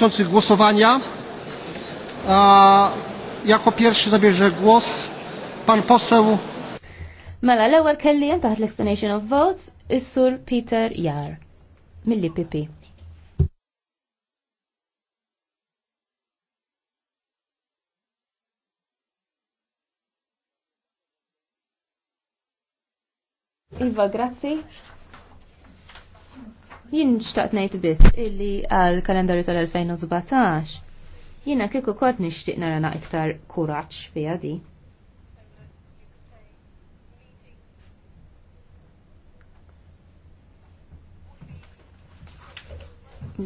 dotyczących głosowania. A, jako pierwszy zabierze głos pan poseł. Mela l-ewwel kelliem taħt l-explanation of votes is-sur Peter Jar mill-IPP. Iva, grazie. Jien xtaqt ngħid biss illi għal kalendarju tal-2017 jiena kieku kod nishtiq nara na iktar kuraġġ fiha di.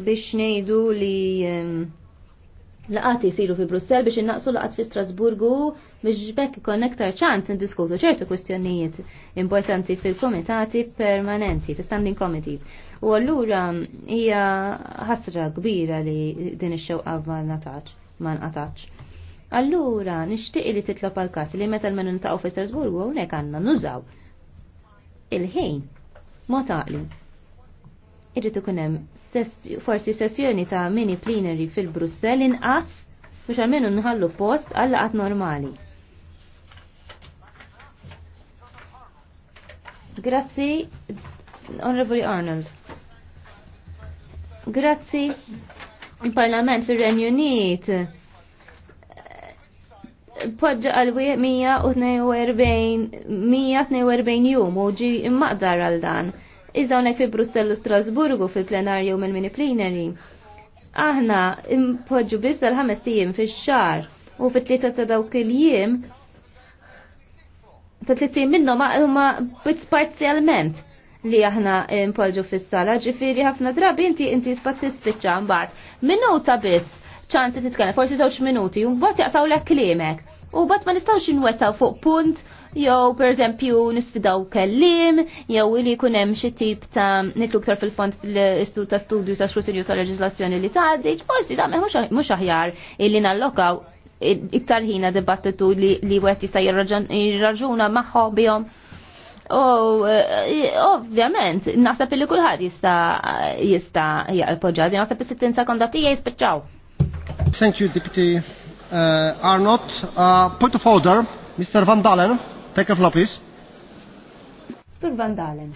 biex ngħidu li laqat jisiru fi Brussel biex innaqsu laqat fi Strasburgu biex bekk konnektar aktar ċans indiskutu ċertu kwestjonijiet importanti fil-komitati permanenti, fil-standing committees. U allura hija ħasra kbira li din ix-xewqa ma natax, ma nqatax. Allura nixtieq li titlob għal każ li meta l-menu ntaqgħu fi Strasburgu hawnhekk għandna nużaw il-ħin ma taqli irrid ikun hemm forsi sessjoni ta' mini plenary fil-Brussell inqas biex għalmenu nħallu post għal normali. Grazzi, Honorable Arnold. Grazzi, il-Parlament fil-Renju Unit podġa għal 142 jum u ġi immaqdar għal dan iżda unek fi Brussellu Strasburgu fil-plenarju minn mini plenary. Aħna impoġġu biss għal ħames tiem fix-xar u fit-tlieta ta' dawk il-jiem ta' tliet minnhom huma bitz parzjalment li aħna impoġġu fis-sala, ġifieri ħafna drabi inti inti spat tispiċċa mbagħad minuta biss ċansi titkellem, forsi żewġ minuti, u mbagħad jaqtaw lek kliemek. U bat ma nistgħux inwettaw fuq punt jew eżempju nisfidaw kellim, jew li jkun hemm xi tip ta' nitlu ktar fil-fond fil istud ta' studju ta' xrutinju ta' leġislazzjoni li tgħaddi, forsi da' mhux aħjar illi nallokaw iktar ħina dibattitu li wieħed jista' jirraġuna magħhom bihom. U ovvjament, naħseb li kulħadd jista' jista' jaqpoġġa, naħseb is-sittin sekonda tiegħi jispiċċaw. Thank you, Deputy uh, Arnott. Uh, point of order, Mr. Van Dalen. Take a Sur Van Dalen.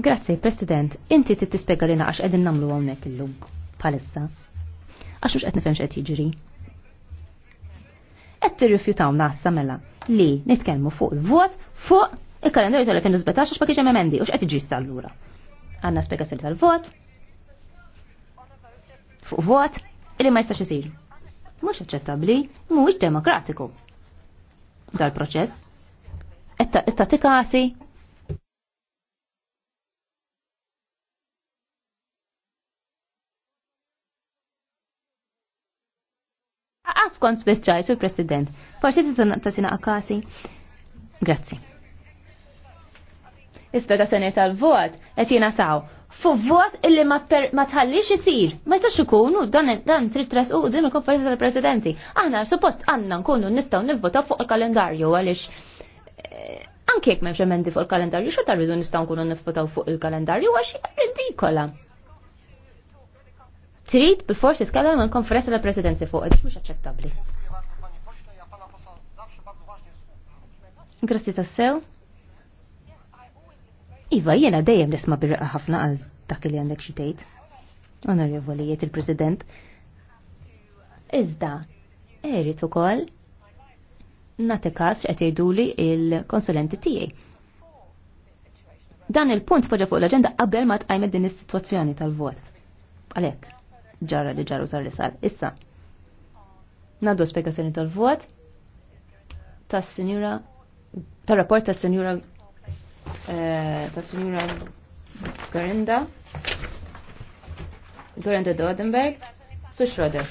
Grazie, President. Inti tit għax li naqax qegħdin nagħmlu hawnhekk illum bħalissa. Għax mhux qed nifhem x'qed jiġri. Qed tirrifjutawna issa mela li nitkellmu fuq il-vot fuq il-kalendarju tal-2017 għax ma kienx emendi u x'qed jiġri issa allura. tal-vot fuq vot illi ma jistax isir mhux aċċettabbli, mhuwiex demokratiku dal-proċess. Etta tikasi Għas kont speċaj su president Forsi ta' sina għakasi. Grazzi. Ispegazzjoni tal-vot, et jina taw. Fu vot illi ma tħallix isir. Ma jistax ikunu dan dan trid tresqu din il-konferenza tal-presidenti. Aħna suppost għandna nkunu nistgħu nivvota fuq il-kalendarju għaliex eh, anke jekk m'hemmx emendi fuq il-kalendarju xorta tarridu nistgħu nkunu nivvotaw fuq il-kalendarju għax ridikola. Trid bil-forsi tkellem il-konferenza tal-presidenti fuq biex mhux aċċettabbli. a tassew. Iva, jena dejjem nisma birqa ħafna għal dak li għandek xitejt. Onorevolijiet il-President. Iżda, erit ukoll nagħti każ qed jgħiduli il-konsulenti tiegħi. Dan il-punt poġġa fuq l-aġenda qabel ma tqajm din is-sitwazzjoni tal-vot. Għalhekk ġara li ġaru sar li sar. Issa. Nagħdu spjegazzjoni tal-vot tas-Sinjura tar-rapport tas-Sinjura Eh, ta' signora Gorinda, Gorinda Dodenberg, su Schroeder.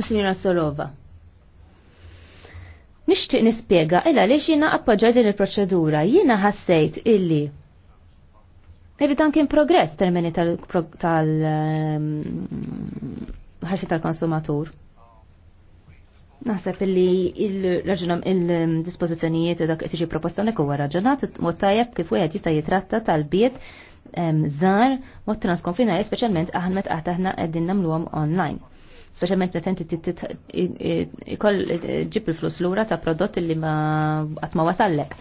signora Solova. Nishtiq nispiega illa li jiena appoġġaj din il-proċedura. Jina ħassejt illi Illi dan kien progress termini tal-, tal ħarsi tal-konsumatur. Naħseb illi il-raġunam il-dispozizjonijiet dak li tiġi proposta unek huwa raġunat mod tajjeb kif wieħed jista' jitratta tal-biet żgħar mod transkonfinali speċjalment aħna meta aħna qegħdin nagħmluhom online. Speċjalment meta inti ikoll ġib il-flus lura ta' prodotti li ma qatt ma wasallek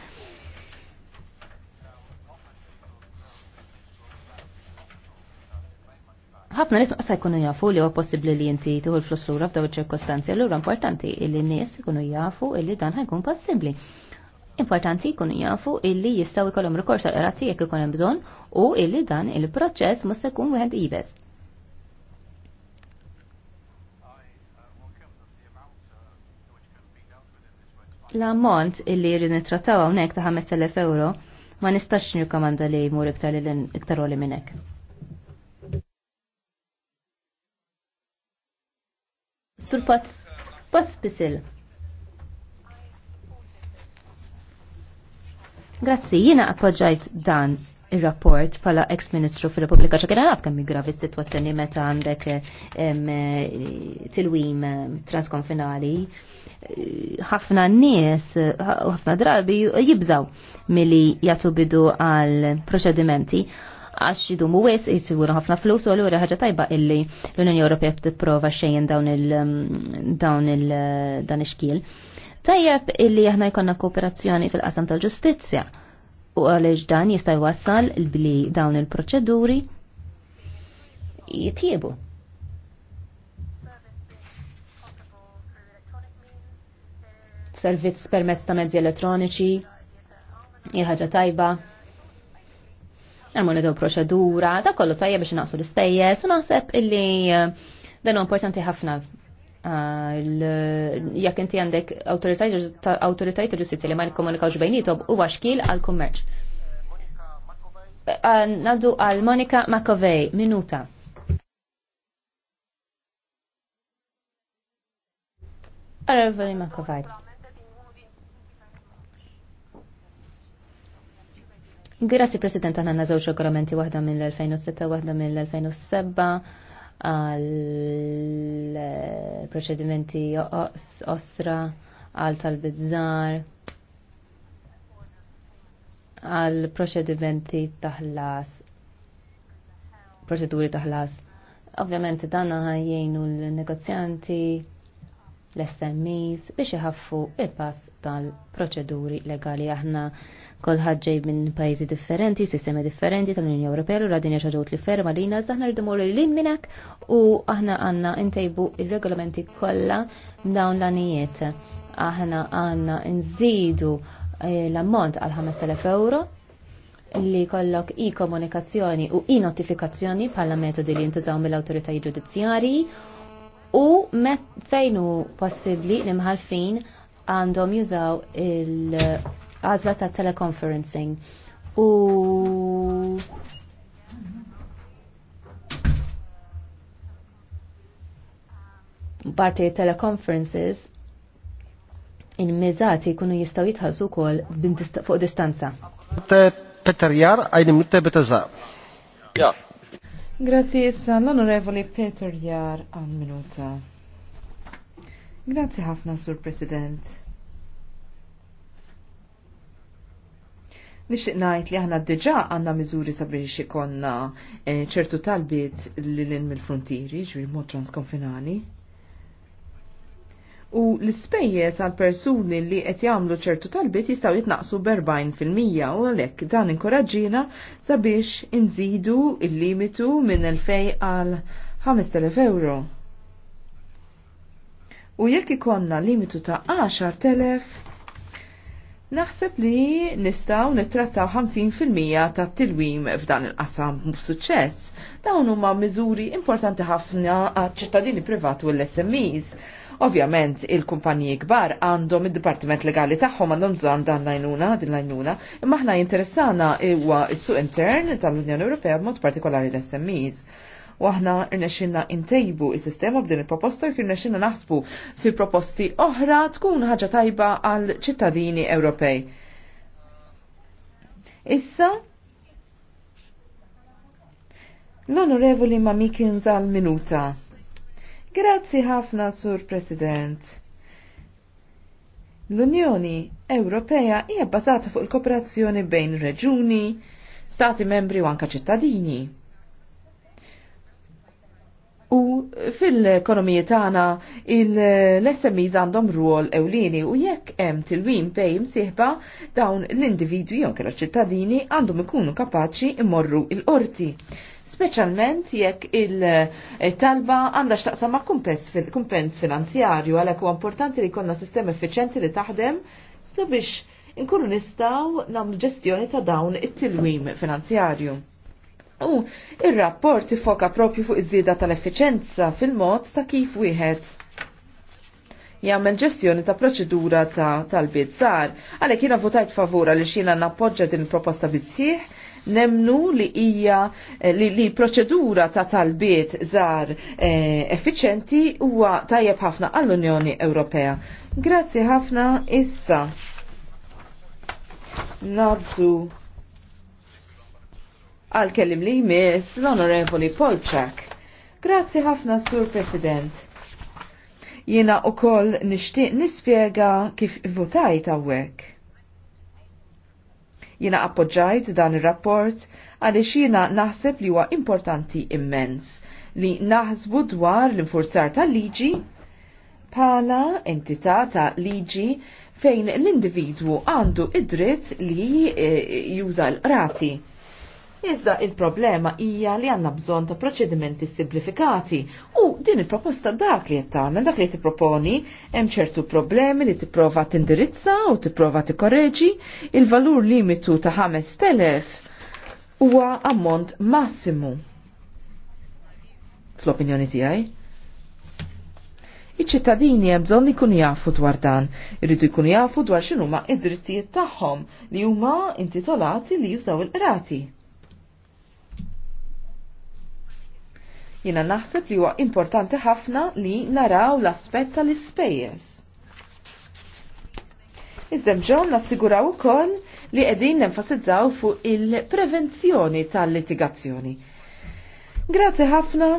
ħafna nies qasa jkunu jafu li huwa possibbli li inti tieħu l-flus lura f'daw iċ-ċirkostanzi, allura importanti li n-nies ikunu jafu illi dan ħajkun possibbli. Importanti jkunu jafu illi jistgħu jkollhom rikors għal qrati jekk ikun hemm bżonn u illi dan il-proċess mhux se jkun wieħed ibes. l-ammont illi jrid nittrattaw hawnhekk ta' 5000 euro ma nistax nirkomanda li jmur iktar iktar oli minn sur pas pisil Grazzi, jina appoġġajt dan il-rapport pala ex-ministru fil republika ċakena naf kemm gravi situazzjoni sitwazzjoni meta għandek tilwim transkonfinali. Ħafna nies, ħafna drabi jibżaw milli jagħtu bidu għal proċedimenti għax mu wis jisiguru ħafna flus u għallura ħagġa tajba illi l-Unjoni Ewropea tipprova xejn dawn il mm, dan il xkil xkiel Tajjeb illi aħna jkollna kooperazzjoni fil-qasam tal-ġustizzja u għaliex dan jista' jwassal billi dawn il-proċeduri jitjiebu. Servizz permezz ta' mezzi elettroniċi, ħaġa tajba, armonizzaw proċedura, da kollu tajja biex naqsu l-ispejjeż u naħseb illi eh, dan importanti ħafna ah, jekk inti għandek autoritajt ġustizja li ma nikkomunikawx bejnietom u għaxkil għal kummerċ. Ah, naddu għal Monika Makovej, minuta. Għal Makovej. Grazzi President għanna żewġ regolamenti waħda mill-2006 waħda mill-2007 għal proċedimenti osra għal tal-bizzar għal proċedimenti taħlas proċeduri taħlas ovvjament dan jgħinu l-negozjanti l-SMEs biex iħaffu il-pass tal-proċeduri legali aħna Kol ġej minn pajjiżi differenti, sistemi differenti tal-Unjoni Ewropea u radin jaxħaġut li ferma li jina aħna rridu morru li minnek u aħna għanna intejbu il-regolamenti kollha dawn l-anijiet. Aħna għanna nżidu eh, l-ammont għal 5000 euro li kollok i-komunikazzjoni u i-notifikazzjoni bħala metodi li jintużaw mill-autoritajiet ġudizzjarji u fejn hu possibbli li mħalfin għandhom jużaw il għazla ta' teleconferencing. U parti teleconferences in-mizzati kunu jistaw jitħassu kol fuq distanza. Peter Jar, għajnim nutte betazza. Ja, Grazzi issa l-Onorevoli Peter Jar għal minuta. Grazzi ħafna, Sur President. Nixtieq ngħid li aħna diġà għandna miżuri sabiex ikonna eh, ċertu talbiet lil mill-frontieri, ġri mod transkonfinali u l-ispejjeż għal persuni li qed jagħmlu ċertu talbiet jistgħu jitnaqsu b'40% u għalhekk dan inkoraġġina sabiex inżidu il-limitu minn 2000 għal 5000 euro. U jekk ikonna limitu ta' 10,000 Naħseb li nistaw nittrattaw 50% ta' tilwim f'dan il-qasam b'suċċess. Dawn huma miżuri importanti ħafna għal ċittadini privat u l-SMEs Ovvjament il-kumpaniji kbar għandhom id-dipartiment legali tagħhom għandhom bżonn dan l-għajnuna, din l-għajnuna, imma aħna jinteressana huwa s-suq intern tal-Unjoni Ewropea b'mod partikolari l-SMEs. U aħna rnexxinna intejbu is-sistema b'din il-proposta u rnexxinna naħsbu fi proposti oħra tkun ħaġa tajba għal ċittadini Ewropej. Issa, l-onorevoli ma' Mikins għal minuta. Grazzi ħafna, Sur President. L-Unjoni Ewropea hija bbażata fuq il-kooperazzjoni bejn reġuni, stati membri u anka ċittadini. U fil-ekonomiji tagħna l-SMEs għandhom rwol ewlieni u jekk hemm tilwim bej msieħba dawn l-individwi jew l ċittadini għandhom ikunu kapaċi immorru il-qorti speċjalment jekk il-talba għandha x'taqsam ma' kumpens finanzjarju għalhekk huwa importanti li jkollna sistema effiċjenti li taħdem sabiex inkunu nistgħu nagħmlu ġestjoni ta' dawn it-tilwim finanzjarju. U ir-rapport ifoka propju fuq iż-żieda tal-effiċenza fil-mod ta' kif wieħed jagħmel ġestjoni ta' proċedura ta' tal bidżar Għalhekk jiena votajt favura li xina nappoġġa din il-proposta bisħieħ Nemnu li hija eh, li, li proċedura ta' talbiet żar eh, effiċenti huwa tajjeb ħafna għall-Unjoni Ewropea. Grazzi ħafna issa. Nabdu għal kellim li jmiss l-Onorevoli Polczak. Grazzi ħafna, Sur President. Jena u koll nishtiq nispiega kif votajt għawek. Jina appoġġajt dan ir-rapport għaliex jina naħseb li huwa importanti immens li naħsbu dwar l-infurzar tal-liġi bħala entità ta' liġi fejn l-individwu għandu id-dritt li eh, juża l rati Iżda il-problema hija li għanna bżon ta' proċedimenti simplifikati u din il-proposta dak li qed tagħmel dak li tipproponi hemm ċertu problemi li tipprova tindirizza u tipprova tikkoreġi il-valur limitu ta' 5000 huwa ammont massimu. Fl-opinjoni tiegħi iċ-ċittadini hemm bżonn ikunu jafu dwar dan, irridu jkunu jafu dwar x'inhuma id-drittijiet tagħhom li huma intitolati li jużaw il-qrati. Jina naħseb li huwa importanti ħafna li naraw l-aspett tal-ispejjeż. Iżda bġon nassiguraw ukoll li qegħdin nenfasizzaw fuq il-prevenzjoni tal-litigazzjoni. Grazzi ħafna.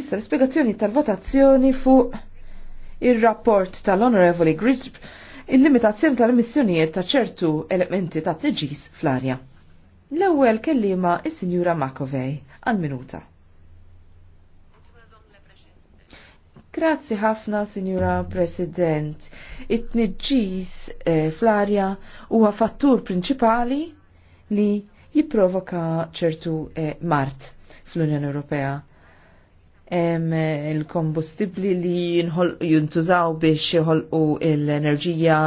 Issa l-spiegazzjoni tal-votazzjoni fuq il-rapport tal-Honorevoli Grisp il-limitazzjoni tal-emissjonijiet ta' ċertu elementi ta' tneġis fl-arja. L-ewwel kellima is-Sinjura Makovej għal minuta. Grazzi ħafna, Sinjura President. It-tniġġis eh, fl-arja huwa fattur prinċipali li jipprovoka ċertu eh, mart fl-Unjoni Ewropea eh, il-kombustibli li jintużaw biex jħolqu l-enerġija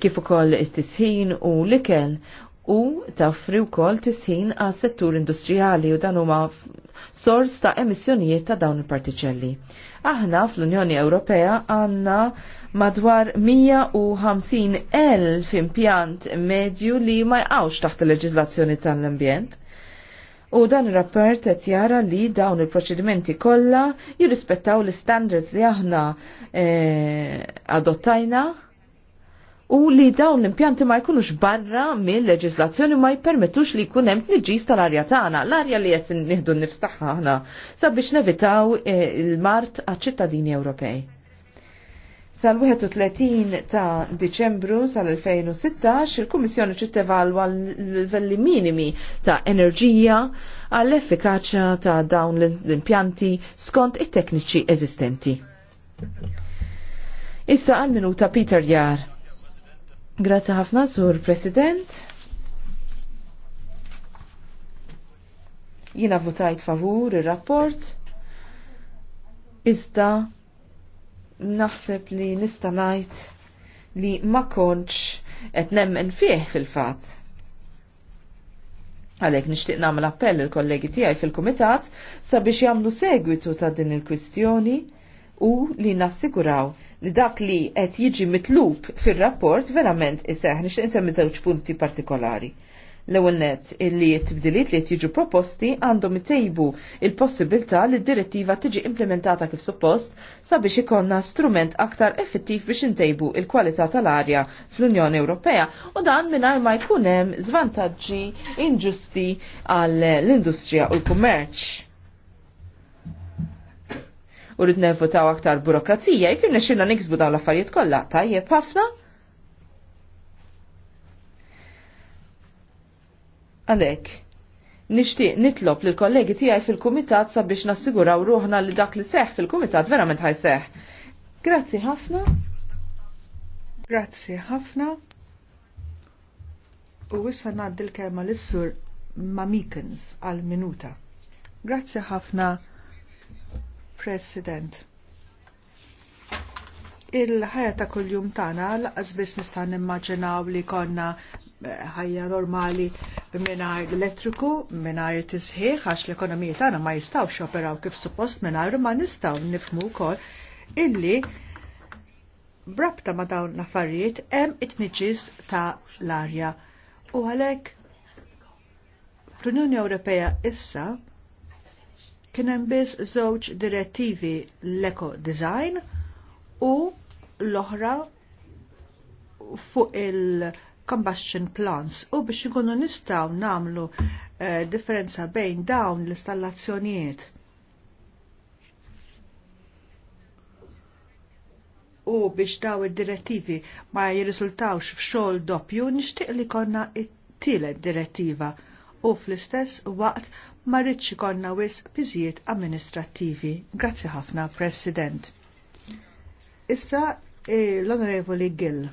kif ukoll is is-tisħin u l-ikel u taffri wkoll tisħin għas settur industrijali u dan huma sors ta' emissjonijiet ta' dawn il-partiċelli. Aħna fl-Unjoni Ewropea għandna madwar 150 elf impjant medju li ma jqawx taħt il-leġizlazzjoni tal-ambjent. U dan ir-rapport qed jara li dawn il-proċedimenti kollha jirrispettaw l-standards li aħna eh, adottajna u li dawn l-impjanti ma jkunux barra mill leġislazzjoni ma jpermettux li jkun hemm tniġġis tal-arja tagħna, l-arja li qed nieħdu nnifs tagħha aħna sabiex nevitaw eh, il-mart għaċ-ċittadini Ewropej. Sal-31 ta' Diċembru sal-2016 il-Kummissjoni ċitt evalwa l-livelli minimi ta' enerġija għall-effikaċja ta' dawn l-impjanti skont it-tekniċi eżistenti. Issa għal-minuta Peter Jar. Grazzi ħafna, Sur President. Jina votajt favur ir-rapport. Iżda naħseb li nista' ngħid li ma kontx qed nemmen fih fil-fatt. Għalhekk nixtieq nagħmel appell il-kollegi tiegħi fil-kumitat sabiex jagħmlu segwitu ta' din il-kwistjoni u li nassiguraw li dak li qed jiġi mitlub fir-rapport verament iseħ nixtieq insemmi żewġ punti partikolari. L-ewwel nett illi t-tibdiliet li qed jiġu proposti għandhom itejbu il-possibilità li d-direttiva tiġi implementata kif suppost sabiex ikonna strument aktar effettiv biex intejbu il-kwalità tal-arja fl-Unjoni Ewropea u dan mingħajr ma jkun hemm żvantaġġi inġusti għall-industrija u l-kummerċ u rrid nevvotaw aktar burokrazija, jekk irnexxilna niksbu dawn l-affarijiet kollha, tajjeb ħafna. Għalhekk nixtieq nitlob lil kollegi tiegħi fil-kumitat sabiex nassiguraw ruħna li dak li seħ fil-kumitat verament ħajseħ. Grazzi ħafna. Grazzi ħafna. U wissa ngħaddi l-kelma lis-sur Mamikens għal minuta. Grazzi ħafna. President. Il-ħajja ta' kuljum tagħna laqas biss nista' nimmaġinaw li konna eh, ħajja normali mingħajr elettriku, mingħajr tisħiħ għax l-ekonomija tagħna ma jistgħux operaw kif suppost mingħajr ma nistgħu nifhmu wkoll illi brabta ma dawn l-affarijiet hemm it-tniġis ta' l-arja. U għalhekk l-Unjoni Ewropea issa kien hemm biss żewġ direttivi l-eco design u l-oħra fuq il-combustion plants u biex ikunu nistgħu nagħmlu eh, differenza bejn dawn l-installazzjonijiet. u biex daw id-direttivi ma jirriżultawx f'xogħol doppju nixtieq li konna it-tielet direttiva u fl-istess waqt ma rridx ikollna wisq piżijiet amministrattivi. Grazzi ħafna, President. Issa eh, l-Onorevoli Gill.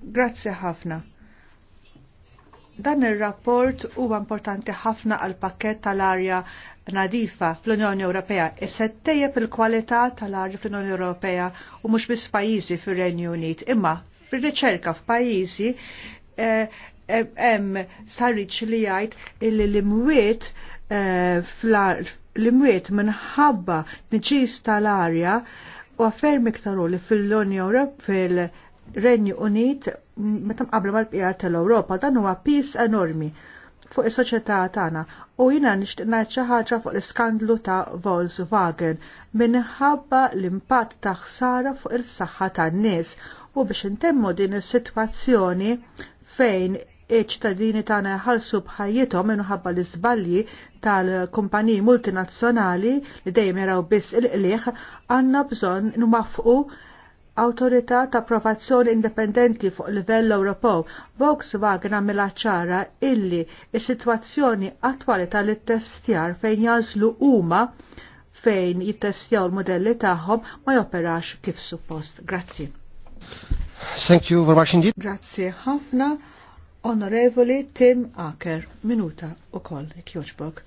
Grazzi ħafna. Dan ir-rapport huwa importanti ħafna għal pakket tal-arja nadifa fl-Unjoni Ewropea isettejjeb il-kwalità tal-arja fl-Unjoni Ewropea u mhux biss pajjiżi fir-Renju Unit, imma fir-riċerka f'pajjiżi eh, Em starriċ li jgħid illi l-imwiet eh, l-imwiet minħabba nċis tal-arja u affermi iktaru li fil loni Ewrop fil-Renju Unit meta mqabla mal pijar tal-Ewropa dan huwa pis enormi fuq is-soċjetà tagħna u jiena nixtieq ngħid xi ħaġa fuq l-iskandlu ta' Volkswagen minħabba l-impatt ta' ħsara fuq is-saħħa tan-nies u biex intemmu din is-sitwazzjoni fejn iċ-ċittadini tagħna jħallsu bħajjithom minħabba l-iżbalji tal-kumpaniji multinazzjonali li dejjem jaraw biss il-qlieħ għandna bżonn nwaffqu autorità ta' approvazzjoni indipendenti fuq livell Ewropew, Volkswagen għamilha ċara illi is-sitwazzjoni attwali tal-ittestjar fejn jażlu huma fejn jittestjaw l-modelli tagħhom ma joperax kif suppost. Grazzi. Thank you very much indeed. Grazzi ħafna. Onorevoli Tim Aker, minuta u koll, kjoċbog.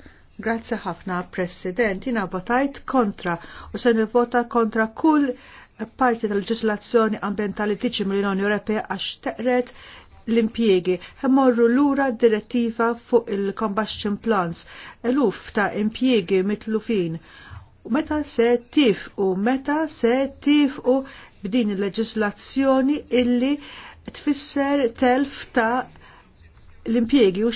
Grazzi ħafna, President, jina votajt kontra u se vota kontra kull parti tal-ġislazzjoni ambientali tiċi mill-Unjoni Ewropea għax teqret l-impjiegi. Hemmorru lura direttiva fuq il-combustion plants, eluf ta' impjiegi mitlufin. U meta se tif u meta se tif u b'din il-leġislazzjoni illi tfisser telf ta' l impiegi u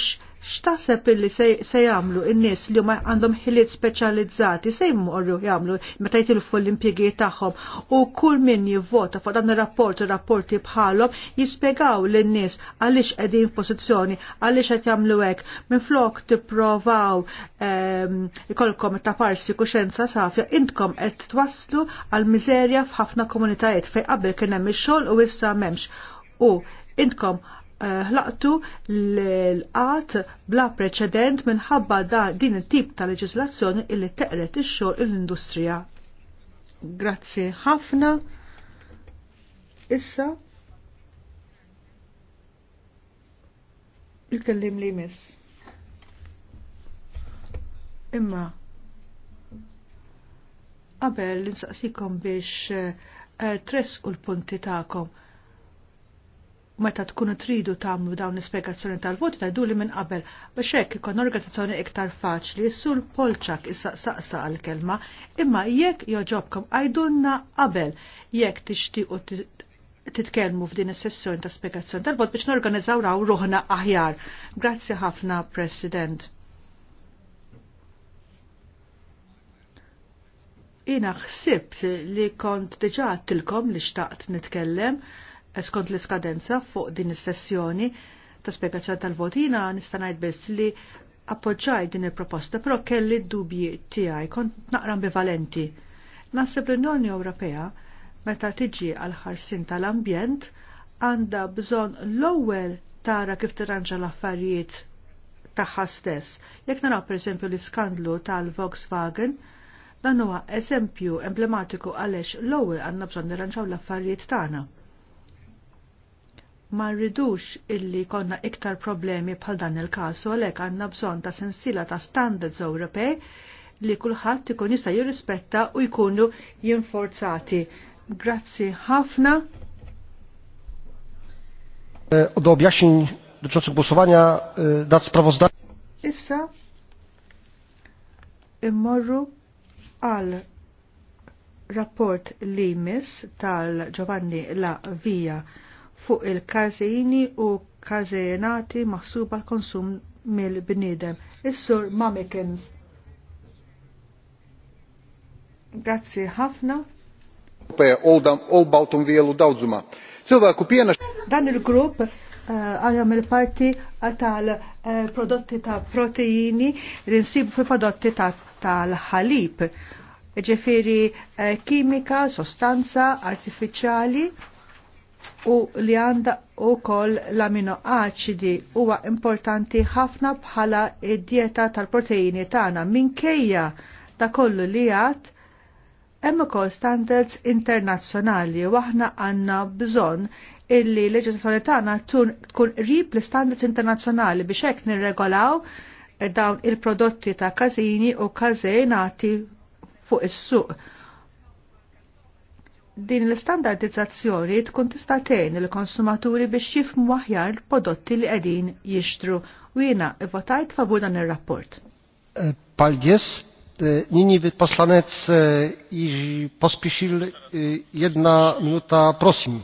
x'taħseb illi se jagħmlu n-nies li huma għandhom ħiliet speċjalizzati se jmorru jagħmlu meta jitilfu l-impjegi tagħhom u kull min jivvota fuq dan ir-rapport u rapporti bħalhom jispjegaw lin-nies għaliex qegħdin f'pożizzjoni għaliex qed jagħmlu hekk minflok tipprovaw ehm, ikolkom ta' parsi kuxenza safja intkom qed twasslu għal miżerja f'ħafna komunitajiet fejn qabel kien hemm ix-xogħol u issa m'hemmx u intkom ħlaqtu l-qat bla preċedent minħabba da din it-tip ta' leġislazzjoni illi teqret ix-xogħol l-industrija. Grazzi ħafna. Issa il-kellim li miss. Imma qabel nsaqsikom biex eh, tresqu l-punti tagħkom meta tkunu tridu tagħmlu dawn l-ispjegazzjoni tal-voti tajdu li minn qabel biex hekk ikun organizzazzjoni iktar faċli sul polċak issaqsaqsa għall-kelma imma jekk joġobkom għajdunna qabel jekk tixtiequ titkellmu f'din is-sessjoni ta' spjegazzjoni tal-vot biex norganizzaw raw ruħna aħjar. Grazzi ħafna, President. Ina ħsibt li kont diġa tilkom li xtaqt nitkellem skont l-iskadenza fuq din is-sessjoni ta' spjegazzjoni tal-votina nista' ngħid biss li appoġġaj din il-proposta, però kelli d-dubji tiegħi kont naqra ambivalenti. Naħseb l-Unjoni Ewropea meta tiġi għal ħarsin tal-ambjent għandha bżonn l-ewwel tara kif tirranġa l-affarijiet tagħha stess. Jekk naraw pereżempju l-iskandlu tal-Volkswagen, dan huwa eżempju emblematiku għaliex l-ewwel għandna bżonn nirranġaw l-affarijiet tagħna ma rridux illi konna iktar problemi bħal dan il kasu għalek għalhekk għandna bżonn ta' sensila ta' standards Ewropej li kulħadd ikun jista' jirrispetta u jkunu jinforzati. Grazzi ħafna. E, do objaxin dotyczących głosowania e, dat sprawozdania. Issa immorru għal rapport li mis tal Giovanni La Via fuq il kazeini u kazeinati maħsuba l-konsum mill-bnidem. Is-sur Mamikins. Grazzi ħafna. Dan il-grupp eh, għajam uh, il-parti tal-prodotti eh, ta' proteini li fi prodotti tal-ħalib. Ta Ġifiri eh, kimika, sostanza, artificiali u li għanda u koll l-amino aċidi huwa importanti ħafna bħala id-dieta tal-proteini tagħna minkejja ta' kollu li għat hemm ukoll standards internazzjonali u aħna għandna bżonn illi l-leġislazzjoni tagħna tkun qrib l-standards internazzjonali biex hekk nirregolaw dawn il-prodotti ta' każini u każejnati fuq is-suq din l-standardizzazzjoni tkun tista' tgħin il-konsumaturi biex jifhmu aħjar prodotti li qegħdin jixtru u jiena votajt favur dan ir-rapport. E, paldies, e, nini poslanec e, iż pospiexil jedna minuta prosim.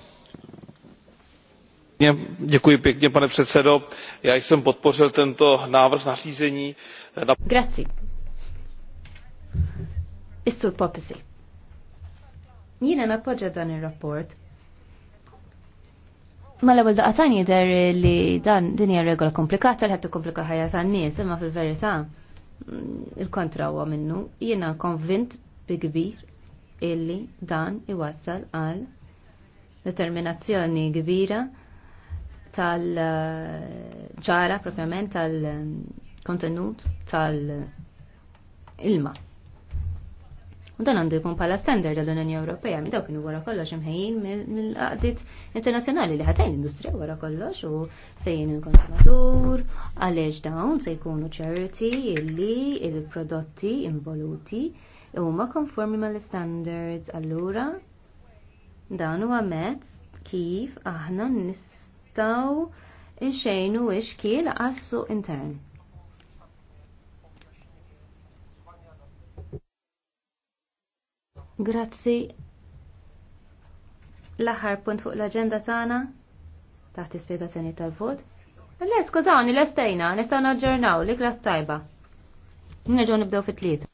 Děkuji pěkně, pane předsedo. Já jsem podpořil tento návrh nařízení. Grazie. Istur popisi. Jiena nappoġġa dan ir-rapport. Ma l-ewwel tani jidher li dan din hija regola komplikata li ħadd tikkomplika ħajja tan-nies, imma fil-verità mm, il-kontra huwa minnu. Jiena konvint bi kbir illi dan iwassal għal determinazzjoni kbira tal-ġara propjament tal-kontenut tal-ilma dan għandu jkun pala standard għall-Unjoni Ewropea, mi dawk kienu wara kollox imħejjin mill-qadit internazzjonali li ħatajn l-industrija wara kollox u sejjin il-konsumatur, għaliex dawn se jkunu charity illi il-prodotti involuti huma konformi mal-standards allura dan huwa mezz kif aħna nistgħu nxejnu ix kiel għassu intern. Grazzi l-aħħar punt fuq l-agenda tagħna taħt ispjegazzjoni tal-vot. Le, skużawni, l-estejna, nistgħu naġġornaw, li klas tajba. Nneġgħu nibdew fit-tliet.